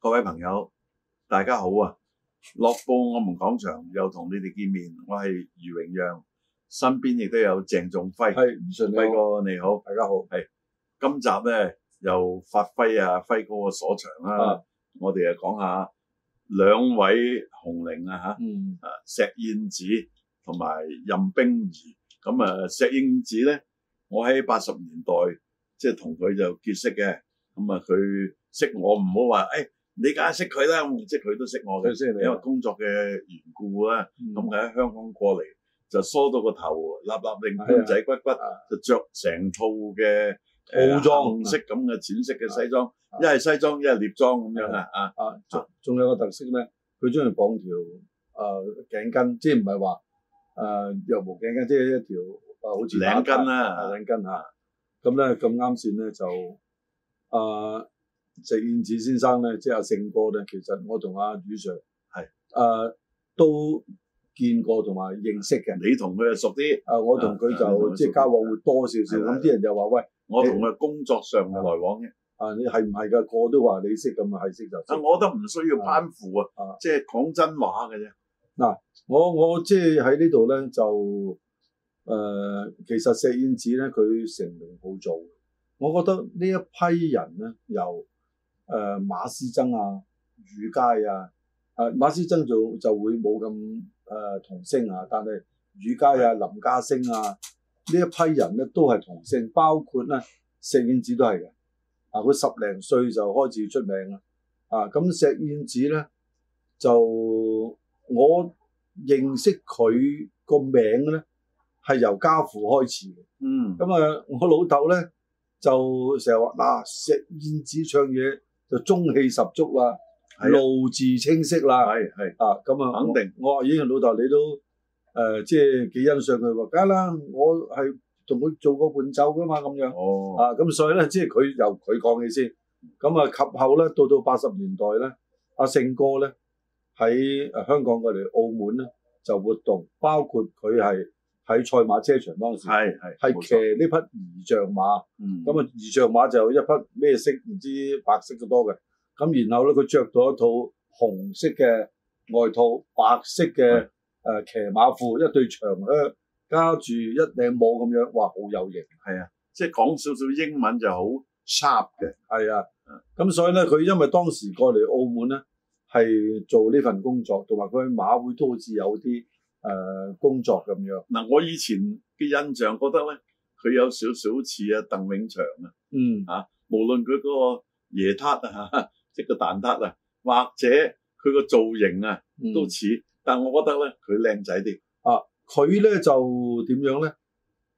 各位朋友，大家好啊！樂報我們講場又同你哋見面，我係余榮陽，身邊亦都有鄭仲輝，係吳信輝哥，你好，大家好。係今集咧，又發揮啊，輝哥嘅所長啦。我哋啊講下兩位紅伶啊吓，啊、嗯、石燕子同埋任冰兒。咁啊，石燕子咧。我喺八十年代即係同佢就結識嘅，咁啊佢識我唔好話，誒你梗係識佢啦，即係佢都識我嘅，因為工作嘅緣故啦，咁佢喺香港過嚟就梳到個頭立立令，骨仔骨骨，就着成套嘅套裝紅色咁嘅淺色嘅西裝，一係西裝一係獵裝咁樣啊，啊，仲仲有個特色咩？佢中意綁條誒頸巾，即係唔係話誒羊毛頸巾，即係一條。啊，好似兩斤啦，兩斤嚇。咁咧咁啱先咧就啊，石燕子先生咧，即係阿勝哥咧。其實我同阿宇 Sir 係，啊，都見過同埋認識嘅。你同佢係熟啲。啊，我同佢就即係交往會多少少。咁啲人就話喂，我同佢工作上嘅來往嘅，啊，你係唔係㗎？個都話你識咁嘛，係識就。啊，我都唔需要攀附啊。即係講真話嘅啫。嗱，我我即係喺呢度咧就。誒、呃，其實石燕子咧，佢成名好早，我覺得呢一批人咧，由誒、呃、馬師曾啊、羽佳啊、誒馬師曾就就會冇咁誒童星啊，但係羽佳啊、林家聲啊呢一批人咧都係童星，包括咧石燕子都係嘅啊。佢十零歲就開始出名啦啊！咁、嗯、石燕子咧就我認識佢個名咧。係由家父開始嘅，嗯，咁啊、嗯，我老豆咧就成日話嗱，石、啊、燕子唱嘢就中氣十足啦，啊、路字清晰啦，係係啊，咁、嗯、啊肯定，啊、我阿姨老豆你都誒、呃、即係幾欣賞佢喎，梗啦，我係同佢做過伴奏噶嘛，咁樣，哦，啊，咁、嗯、所以咧，即係佢由佢講起先，咁、嗯、啊及後咧，到到八十年代咧，阿、啊、勝哥咧喺香港過嚟澳門咧就活動，包括佢係。喺賽馬車場當時，係係係騎呢匹二象馬，咁啊二象馬就有一匹咩色？唔知白色嘅多嘅。咁然後咧，佢著咗一套紅色嘅外套、白色嘅誒是、呃、騎馬褲、一對長靴，加住一頂帽咁樣，哇！好有型。係啊，啊即係講少少英文就好 sharp 嘅。係啊，咁、啊嗯、所以咧，佢因為當時過嚟澳門咧，係做呢份工作，同埋佢馬會都好似有啲。誒、呃，工作咁樣嗱、啊，我以前嘅印象覺得咧，佢有少少似啊鄧永祥啊，嗯吓、啊，無論佢嗰個椰撻啊，啊，即個蛋撻啊，或者佢個造型啊，都似，嗯、但我覺得咧，佢靚仔啲啊，佢咧就點樣咧？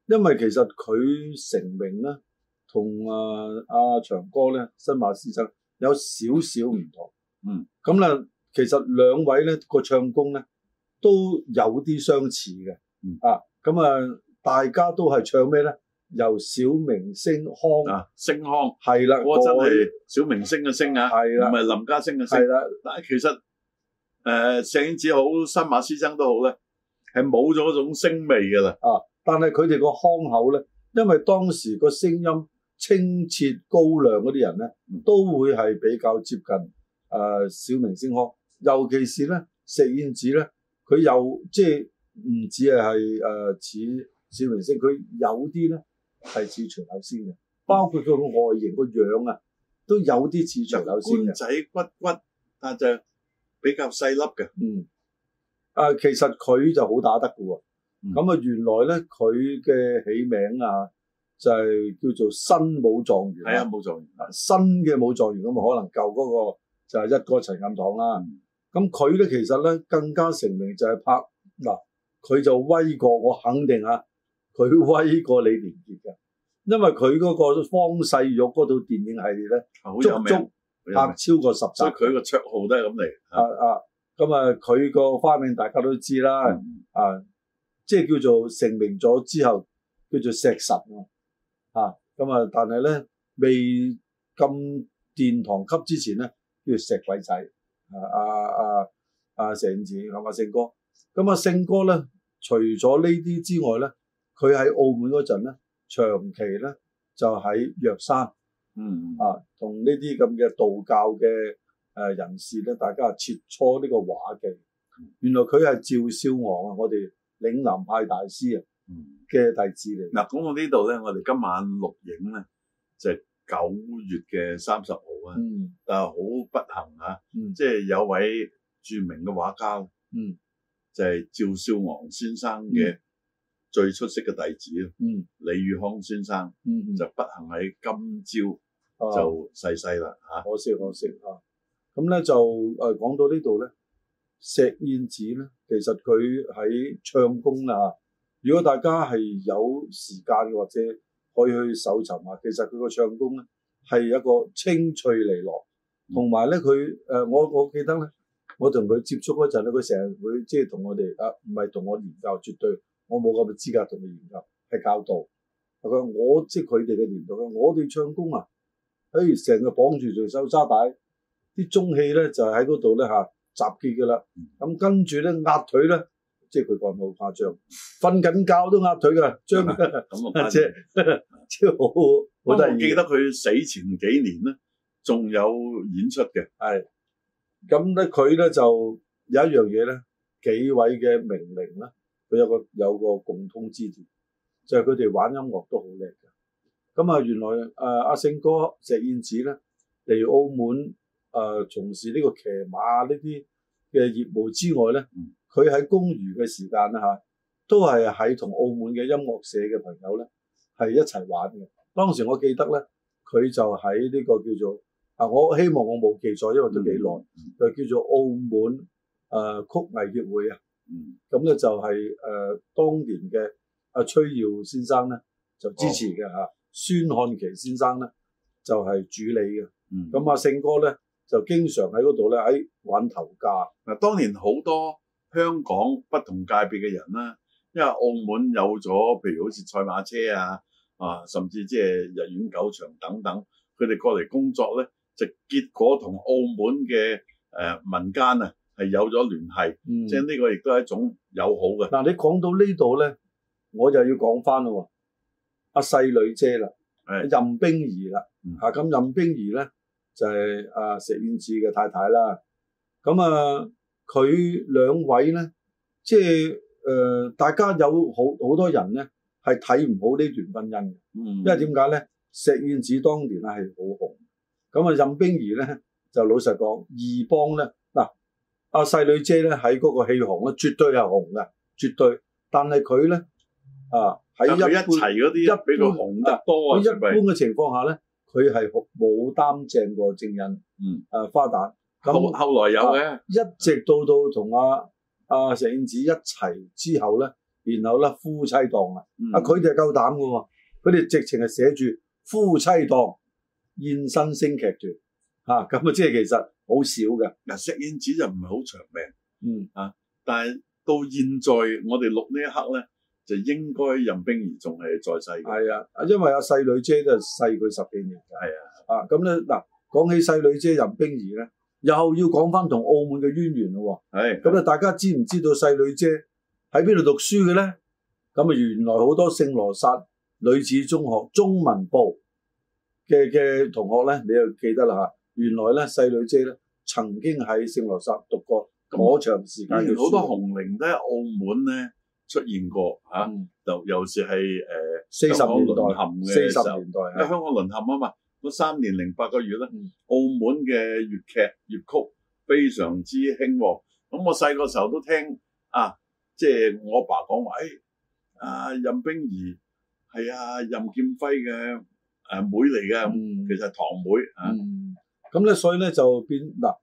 因為其實佢成名咧，同啊阿、啊、祥哥咧，新馬師曾有少少唔同，嗯，咁啦，其實兩位咧個唱功咧。都有啲相似嘅啊！咁、嗯、啊，大家都係唱咩咧？由小明星腔、啊、星腔係啦，我真係小明星嘅星啊，唔係的林家聲嘅聲，啦的，但係其實誒、呃、石燕子好，新馬師曾都好咧，係冇咗嗰種聲味噶啦啊！但係佢哋個腔口咧，因為當時個聲音清澈高亮嗰啲人咧，都會係比較接近誒、呃、小明星腔，尤其是咧石燕子咧。佢又，即係唔止係誒似小明星，佢有啲咧係似長壽仙嘅，包括佢外形個樣啊，都有啲似長壽仙嘅。仔骨骨，但就比較細粒嘅。嗯。啊，其實佢就好打得嘅喎。咁啊，嗯、原來咧佢嘅起名啊，就係、是、叫做新武狀元、啊、元。係啊，武狀元。新嘅武狀元咁啊，可能舊嗰個就係一哥陳錦棠啦。嗯咁佢咧，其實咧更加成名就係拍嗱，佢就威過我肯定啊，佢威過李連杰嘅，因為佢嗰個方世玉嗰套電影系列咧，啊、有足足有拍超過十集，即係佢個綽號都係咁嚟。啊啊，咁啊，佢、啊、個花名大家都知啦，嗯、啊，即係叫做成名咗之後叫做石神啊，咁啊，但係咧未咁殿堂級之前咧，叫做石鬼仔。啊啊啊！石燕子同埋勝哥，咁啊勝哥咧，除咗呢啲之外咧，佢喺澳門嗰陣咧，長期咧就喺藥山，嗯啊，同呢啲咁嘅道教嘅誒人士咧，大家切磋呢個畫技。原來佢係趙少昂啊，我哋嶺南派大師啊嘅弟子嚟。嗱、嗯，講到、啊、呢度咧，我哋今晚錄影咧，就係，九月嘅三十號啊，嗯、但係好不幸啊，嗯、即係有位著名嘅畫家，嗯嗯、就係、是、趙少昂先生嘅最出色嘅弟子啊，嗯、李宇康先生、嗯、就不幸喺今朝就逝世啦吓。可惜可惜啊，咁咧、啊啊、就誒講、呃、到呢度咧，石燕子咧，其實佢喺唱功啦、啊、如果大家係有時間或者，可以去搜尋下，其實佢個唱功咧係一個清脆利落，同埋咧佢誒我我記得咧，我同佢接觸嗰陣咧，佢成日會即係同我哋啊，唔係同我研究，絕對我冇咁嘅資格同佢研究，係教導。佢話我即係佢哋嘅年度。啊、就是，我哋唱功啊，誒成日綁住條手揸帶，啲中氣咧就喺嗰度咧嚇集結㗎啦，咁跟住咧壓腿咧。即係佢講得好誇張，瞓緊覺都壓腿㗎，張咁啊！即係即係我都係記得佢死前幾年咧，仲有演出嘅。係咁咧，佢咧就有一樣嘢咧，幾位嘅命令咧，佢有個有個共通之點，就係佢哋玩音樂都好叻㗎。咁啊，原來誒阿勝哥石燕子咧，嚟澳門誒從、呃、事呢個騎馬呢啲嘅業務之外咧。嗯佢喺公餘嘅時間啦嚇，都係喺同澳門嘅音樂社嘅朋友咧，係一齊玩嘅。當時我記得咧，佢就喺呢個叫做啊，我希望我冇記錯，因為都幾耐，嗯嗯、就叫做澳門誒、呃、曲藝協會、嗯嗯就是呃、啊。咁咧就係誒當年嘅阿崔耀先生咧就支持嘅嚇、哦啊，孫漢奇先生咧就係、是、主理嘅。咁阿勝哥咧就經常喺嗰度咧喺玩頭架。嗱，當年好多。香港不同界別嘅人啦，因為澳門有咗，譬如好似賽馬車啊，啊，甚至即係日苑狗場等等，佢哋過嚟工作咧，就結果同澳門嘅誒、呃、民間啊係有咗聯繫，嗯、即係呢個亦都係一種友好嘅。嗱、嗯，你講到呢度咧，我就要講翻咯喎，阿、啊、細女姐啦，是任冰兒啦，嚇咁、嗯、任冰兒咧就係、是、阿、啊、石燕子嘅太太啦，咁啊。佢兩位咧，即係誒、呃，大家有好好多人咧，係睇唔好呢段婚姻嘅。嗯，因為點解咧？石燕子當年啊係好紅，咁、這、啊、個、任冰兒咧就老實講，二幫咧嗱，阿、啊、細女姐咧喺嗰個戲紅啊，絕對係紅嘅，絕對。但係佢咧啊，喺一,一齊嗰啲一比佢紅得多啊，一般嘅情況下咧，佢係冇擔正過正印，嗯，誒花旦。咁後，後來有嘅、啊，一直到到同阿阿石燕子一齊之後咧，然後咧夫妻檔啊，啊佢哋夠膽嘅喎，佢哋直情係寫住夫妻檔燕身星劇團嚇，咁啊即係其實好少嘅。阿、啊、石燕子就唔係好長命，嗯嚇、啊，但係到現在我哋錄呢一刻咧，就應該任冰兒仲係在世嘅。係啊，因為阿細女姐都係細佢十幾年。係啊，啊咁咧嗱，講起細女姐任冰兒咧。又要講翻同澳門嘅淵源咯喎，咁啊是是 大家知唔知道細女姐喺邊度讀書嘅咧？咁啊原來好多聖羅撒女子中學中文部嘅嘅同學咧，你又記得啦嚇？原來咧細女姐咧曾經喺聖羅撒讀過咁長時間嘅，好、嗯、多紅伶都喺澳門咧出現過嚇，又又、嗯、尤其係誒四十年代四十年代喺香港淪陷啊嘛。三年零八個月咧，嗯、澳門嘅粵劇粵曲非常之興喎。咁我細個時候都聽啊，即係我阿爸講話，誒、哎、阿、啊、任冰兒係阿任劍輝嘅誒、啊、妹嚟嘅、嗯，其實係堂妹啊。咁咧，所以咧就變嗱，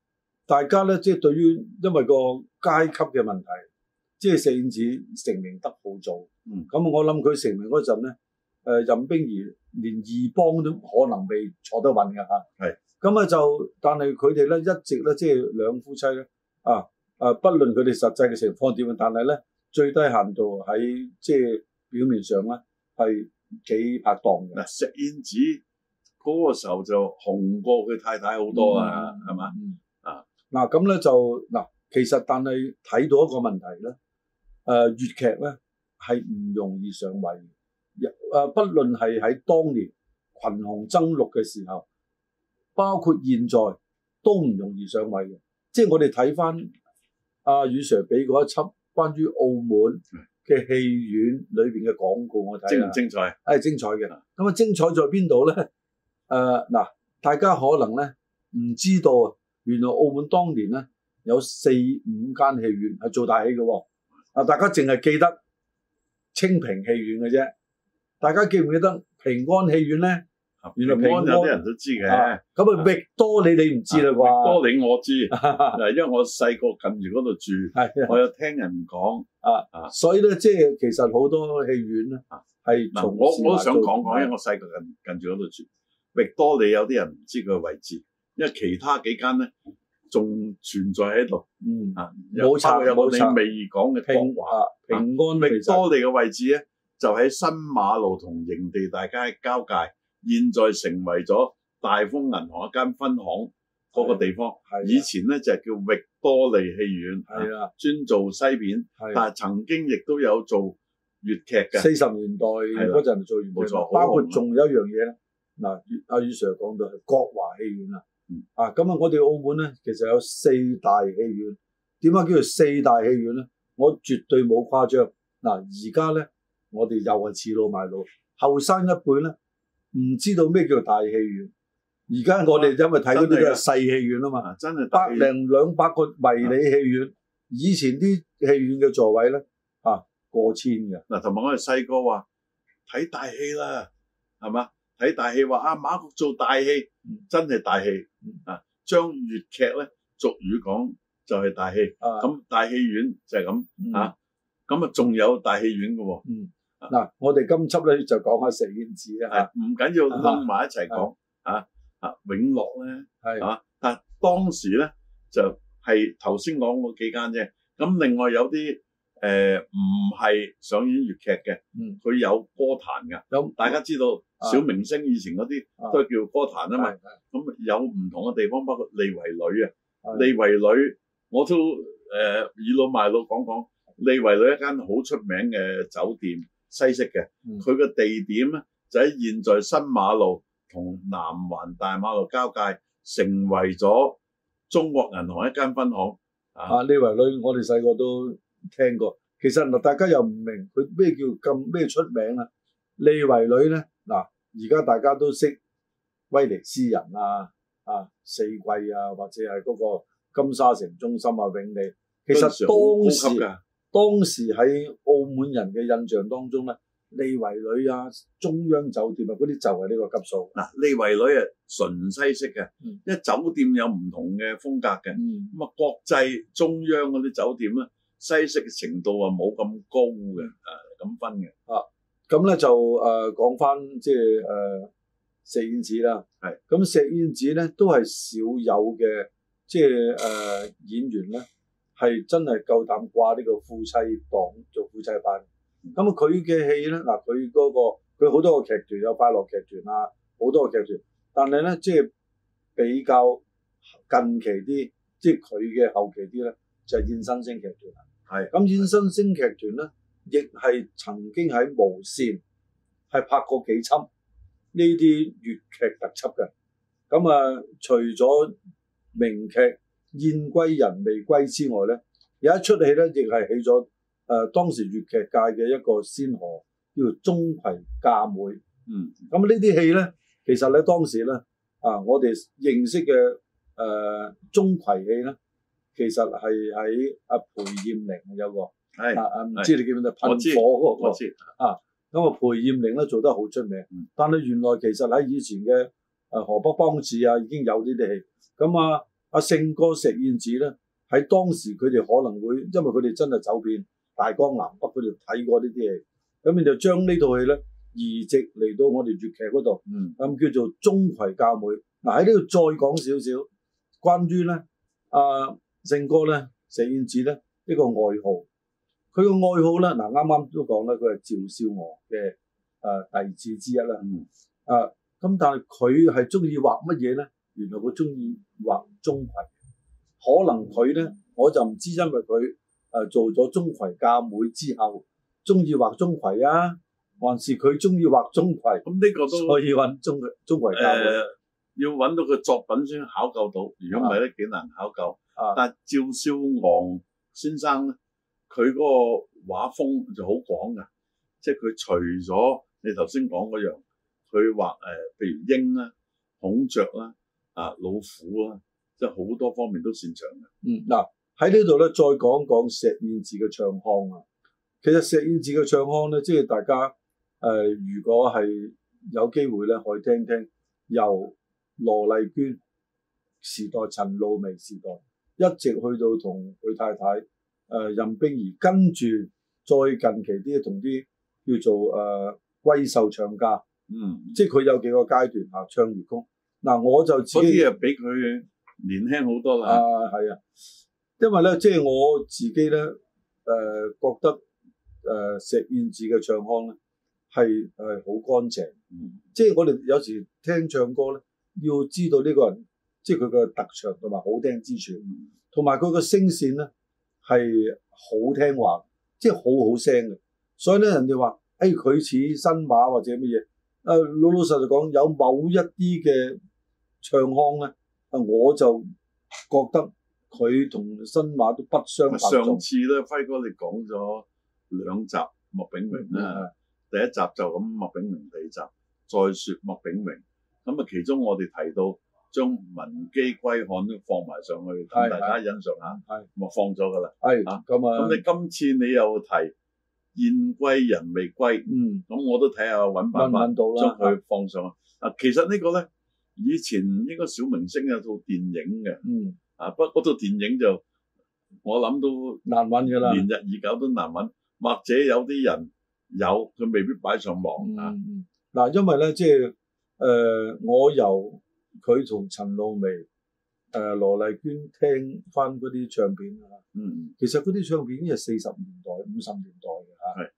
大家咧即係對於因為個階級嘅問題，即係石燕子成名得好早。咁、嗯、我諗佢成名嗰陣咧。誒，uh, 任冰兒連二幫都可能未坐得穩噶吓，係咁是啊就，但係佢哋咧一直咧即係兩夫妻咧啊啊，不論佢哋實際嘅情況點樣，但係咧最低限度喺即係表面上咧係幾拍檔嘅。石燕子嗰個時候就紅過佢太太好多啊，係嘛啊，嗱咁咧就嗱，其實但係睇到一個問題咧，誒，粵劇咧係唔容易上位。誒，不論係喺當年群雄爭鹿嘅時候，包括現在都唔容易上位嘅。即係我哋睇翻阿雨 Sir 俾嗰一輯關於澳門嘅戲院裏邊嘅廣告，我睇、啊、精唔精彩？誒，精彩嘅。咁啊，精彩在邊度咧？誒、呃、嗱，大家可能咧唔知道啊，原來澳門當年咧有四五間戲院係做大戲嘅喎。啊，大家淨係記得清平戲院嘅啫。大家記唔記得平安戲院咧？原來平安有啲人都知嘅。咁啊，域多利，你唔知啦啩？域多利，我知，嗱，因為我細個近住嗰度住，我有聽人講啊啊。所以咧，即係其實好多戲院咧係從我我都想講講，因為我細個近近住嗰度住。域多利有啲人唔知佢位置，因為其他幾間咧仲存在喺度。嗯啊，冇錯冇錯，你未講嘅平平安域多利嘅位置咧？就喺新馬路同營地大街交界，現在成為咗大豐銀行一間分行。嗰個地方，以前咧就係、是、叫域多利戲院，的啊、專做西片，的但係曾經亦都有做粵劇嘅。四十年代嗰陣的做粵劇，包括仲有一樣嘢咧。嗱錯，阿雨、嗯啊、sir 講到係國華戲院啦。嗯、啊，咁啊，我哋澳門咧其實有四大戲院。點解叫做四大戲院咧？我絕對冇誇張。嗱，而家咧。我哋又係恃老賣老，後生一輩咧唔知道咩叫大戲院。而家我哋因為睇到呢個細戲院啊嘛，啊真係百零兩百個迷你戲院。啊、以前啲戲院嘅座位咧啊過千嘅。嗱、啊，同埋我哋細個話睇大戲啦，係嘛？睇大戲話阿、啊、馬局做大戲，真係大戲啊。將粵劇咧俗語講就係大戲。咁、啊啊、大戲院就係咁嚇，咁啊仲、啊、有大戲院嘅喎。啊嗯嗱，我哋今集咧就講下石燕子啦。唔緊要，通埋一齊講嚇嚇永樂咧，係嘛？但當時咧就係頭先講嗰幾間啫。咁另外有啲誒唔係上演粵劇嘅，佢有歌壇㗎。咁大家知道小明星以前嗰啲都係叫歌壇啊嘛。咁有唔同嘅地方，包括利維女啊，利維女我都誒以老賣老講講利維女一間好出名嘅酒店。西式嘅，佢個地點咧就喺現在新馬路同南環大馬路交界，成為咗中國銀行一間分行。啊，利為旅，我哋細個都聽過。其實嗱，大家又唔明佢咩叫咁咩出名啊？利為旅咧，嗱，而家大家都識威尼斯人啊，啊，四季啊，或者係嗰個金沙城中心啊，永利。其實當時。當時喺澳門人嘅印象當中咧，利維女啊、中央酒店啊，嗰啲就係呢個級數。嗱、啊，利維女啊，純西式嘅，嗯、因為酒店有唔同嘅風格嘅。咁啊、嗯，國際中央嗰啲酒店咧，西式嘅程度啊冇咁高嘅。誒咁分嘅。啊，咁咧、啊、就誒講翻即係誒石燕子啦。係的。咁石燕子咧都係少有嘅，即係誒演員咧，係真係夠膽掛呢個夫妻檔做夫妻班。咁啊佢嘅戲咧嗱，佢嗰、嗰個佢好多個劇團有快樂劇團啊，好多個劇團，但係咧即係比較近期啲，即係佢嘅後期啲咧就係燕新聲劇團。係咁是，燕新聲劇團咧亦係曾經喺無線係拍過幾輯呢啲粵劇特輯嘅。咁啊，除咗名劇。燕歸人未歸之外咧，有一出戲咧，亦係起咗誒當時粵劇界嘅一個先河，叫做《鐘馗嫁妹》。嗯，咁呢啲戲咧，其實咧當時咧啊，我哋認識嘅誒鐘馗戲咧，其實係喺阿裴艷玲有個，係是啊唔知你叫咩？是噴火嗰、那個啊，咁啊裴艷玲咧做得好出名，嗯、但係原來其實喺以前嘅誒河北梆子啊，已經有呢啲戲。咁啊～阿成、啊、哥石燕子咧喺當時佢哋可能會，因為佢哋真係走遍大江南北，佢哋睇過呢啲嘢。咁你就將呢套戲咧移植嚟到我哋粵劇嗰度，咁、嗯啊、叫做《鐘馗教妹》。嗱、啊、喺呢度再講少少關於咧阿成哥咧石燕子咧呢一個愛好，佢個愛好咧嗱，啱啱都講咧，佢係趙少昂嘅誒、啊、弟子之一啦。嗯，咁、啊、但係佢係中意畫乜嘢咧？原來佢中意畫鍾馗，可能佢咧我就唔知，因為佢誒、呃、做咗鍾馗嫁妹之後，中意畫鍾馗啊，還是佢中意、嗯、畫鍾馗？咁呢個都可以揾鍾鍾馗嫁妹。呃、要揾到個作品先考究到，如果唔係咧幾難考究。啊、但係趙少昂先生咧，佢嗰個畫風就好廣噶，即係佢除咗你頭先講嗰樣，佢畫誒，譬、呃、如鷹啦、孔雀啦。啊，老虎啊，即係好多方面都擅長嘅。嗯，嗱喺呢度咧，再講講石燕子嘅唱腔啊。其實石燕子嘅唱腔咧，即係大家誒、呃，如果係有機會咧，可以聽聽由羅麗娟時代、陳露明時代，一直去到同佢太太誒、呃、任冰兒，跟住再近期啲同啲叫做誒閨秀唱家。嗯，即係佢有幾個階段嚇，唱粵曲。嗱，我就知啲嘢比佢年輕好多啦。啊，係啊，因為咧，即係我自己咧，誒覺得誒石燕子嘅唱腔咧係係好乾淨，乾淨嗯、即係我哋有時聽唱歌咧，要知道呢個人即係佢嘅特長同埋好聽之處，同埋佢嘅聲線咧係好聽話，即係好好聲嘅。所以咧，人哋話誒佢似新馬或者乜嘢，誒老老實實講有某一啲嘅。唱腔咧，啊我就覺得佢同新馬都不相伯仲。上次咧，輝哥你講咗兩集《麥炳榮、啊》啦、嗯，第一集就咁《麥炳榮》，第二集，再說《麥炳榮》咁、嗯、啊，其中我哋提到將《將文姬歸漢》都放埋上去，同大家欣賞下。係，咁啊放咗噶啦。係啊，咁啊，咁你今次你又提燕歸人未歸，嗯，咁、嗯、我都睇下搵辦法將佢放上去。啊、嗯，嗯、其實個呢其實個咧。以前應該小明星有套電影嘅，嗯，啊不過嗰套電影就我諗都，都難揾㗎啦，連日已久都難揾，或者有啲人有佢未必擺上網、嗯、啊。嗱，因為咧即係誒、呃、我由佢同陳露薇誒羅麗娟聽翻嗰啲唱片啦，嗯，其實嗰啲唱片已經係四十年代五十年代嘅嚇。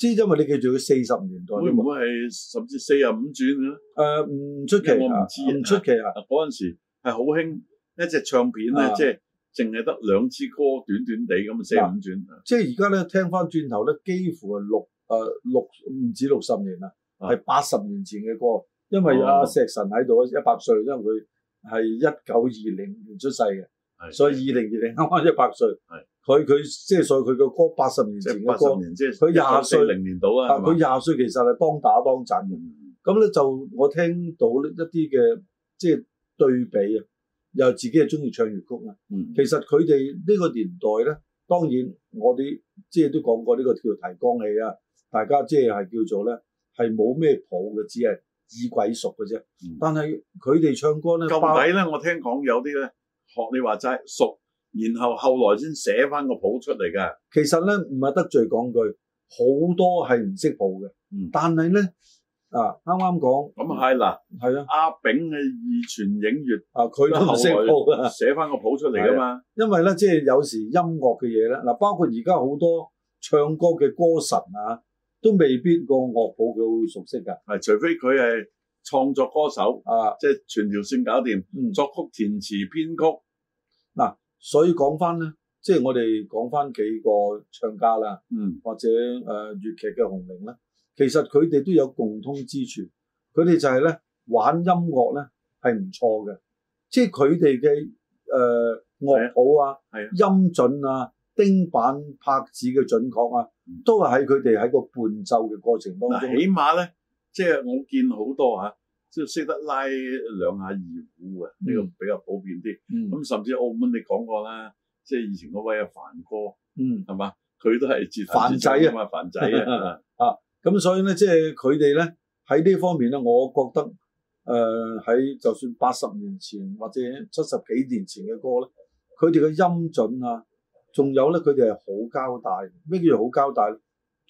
知因為你記住佢四十年代，會唔會係甚至四啊五轉嘅咧？誒唔出奇唔出奇啊！嗰陣時係好興一隻唱片咧，即係淨係得兩支歌，短短地咁啊，四五轉。即係而家咧，聽翻轉頭咧，幾乎係六誒六唔止六十年啦，係八十年前嘅歌。因為阿石神喺度一百歲，因為佢係一九二零年出世嘅，所以二零二零啱啱一百歲。佢佢即係，所以佢嘅歌，八十年前嘅歌，佢廿歲零年到啊，佢廿歲其實係當打當陣嘅。咁咧、mm hmm. 就我聽到一啲嘅即係對比啊，又自己係中意唱粵曲啊。Mm hmm. 其實佢哋呢個年代咧，當然我哋即係都講過呢個跳提綱戲啊，大家即係係叫做咧係冇咩譜嘅，只係耳鬼熟嘅啫。Mm hmm. 但係佢哋唱歌咧，咁底咧？括我聽講有啲咧學你話齋熟。然後後來先寫翻個譜出嚟嘅，其實咧唔係得罪講句，好多係唔識譜嘅，嗯，但係咧啊，啱啱講咁係嗱係咯，阿炳嘅二泉映月啊，佢都唔識譜嘅，寫翻個譜出嚟噶嘛，因為咧即係有時音樂嘅嘢咧，嗱包括而家好多唱歌嘅歌神啊，都未必個樂譜佢會熟悉噶，係除非佢係創作歌手啊，即係全條線搞掂，作曲填詞編曲嗱。嗯嗯所以講翻咧，即係我哋講翻幾個唱家啦，嗯，或者誒、呃、粵劇嘅紅伶咧，其實佢哋都有共通之處，佢哋就係咧玩音樂咧係唔錯嘅，即係佢哋嘅誒樂譜啊、音準啊、叮板拍子嘅準確啊，都係喺佢哋喺個伴奏嘅過程當中。起碼咧，即係我見好多吓。即係識得拉兩下二胡嘅，呢、這個比較普遍啲。咁、嗯、甚至澳門你講過啦，即係以前嗰位阿凡哥，係嘛、嗯？佢都係自彈自唱凡仔啊，凡仔啊咁、 啊、所以咧，即係佢哋咧喺呢方面咧，我覺得誒喺、呃、就算八十年前或者七十幾年前嘅歌咧，佢哋嘅音準啊，仲有咧佢哋係好交代。咩叫好交代？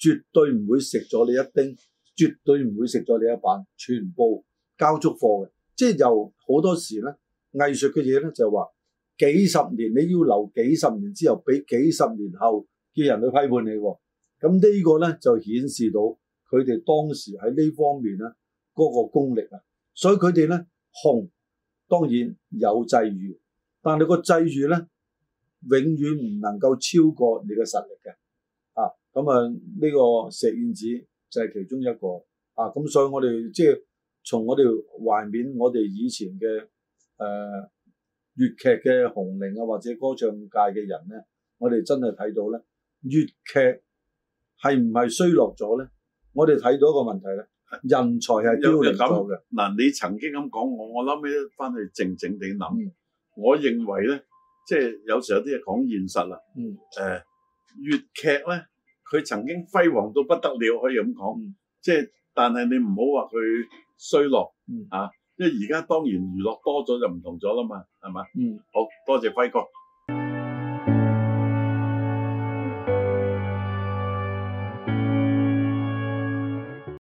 絕對唔會食咗你一丁，絕對唔會食咗你一板，全部。交足貨嘅，即係由好多時咧，藝術嘅嘢咧就係、是、話幾十年你要留幾十年之後，俾幾十年後嘅人去批判你、哦。咁、嗯這個、呢個咧就顯示到佢哋當時喺呢方面咧嗰、那個功力啊。所以佢哋咧紅當然有際遇，但係個際遇咧永遠唔能夠超過你嘅實力嘅。啊，咁、嗯、啊呢、這個石燕子就係其中一個啊。咁、嗯、所以我哋即係。從我哋懷緬我哋以前嘅誒、呃、粵劇嘅紅伶啊，或者歌唱界嘅人咧，我哋真係睇到咧，粵劇係唔係衰落咗咧？我哋睇到一個問題咧，人才係凋零咗嘅。嗱，你曾經咁講我，我諗起翻去靜靜地諗，我認為咧，即係有時候有啲嘢講現實啦。嗯。誒、呃，粵劇咧，佢曾經輝煌到不得了，可以咁講。即係，但係你唔好話佢。衰落啊，因為而家當然娛樂多咗就唔同咗啦嘛，係嘛？嗯，好多謝輝哥。